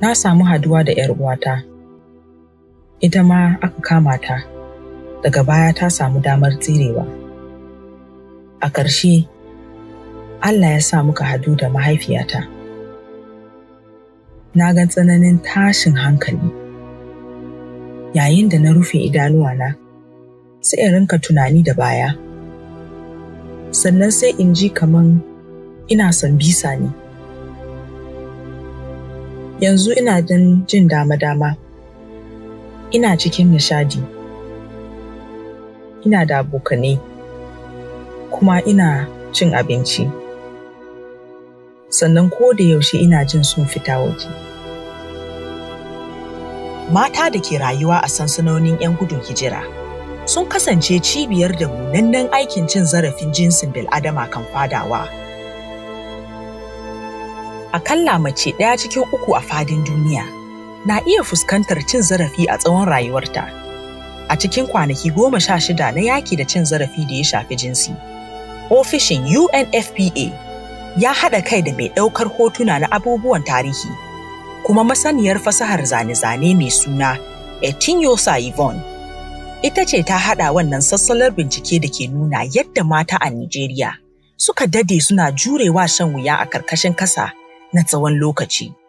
na samu haduwa da 'yar uwata. Ita ma aka kama ta, daga baya ta samu damar tsirewa. A ƙarshe, Allah ya sa muka hadu da mahaifiyata. Na ga tsananin tashin hankali. Yayin da na rufe idanuwana, sai in rinka tunani da baya. Sannan sai in ji kaman ina son bisa ne. yanzu ina jin dama-dama ina cikin nishadi ina da abokanai kuma ina cin abinci sannan ko da yaushe ina jin sun fita waje mata da ke rayuwa a sansanonin 'yan gudun hijira sun kasance cibiyar da munannen aikin cin zarafin jinsin bil'adama kan fadawa akalla mace ɗaya cikin uku a fadin duniya na iya fuskantar cin zarafi a tsawon rayuwarta a cikin kwanaki goma sha shida na yaki da cin zarafi da ya shafi jinsi ofishin unfpa ya haɗa kai da mai ɗaukar hotuna na abubuwan tarihi kuma masaniyar fasahar zane-zane mai suna etinyosa yvonne ita ce ta haɗa wannan sassalar bincike da ke nuna yadda mata a nigeria suka dade suna jurewa shan wuya a karkashin ƙasa. na tsawon lokaci.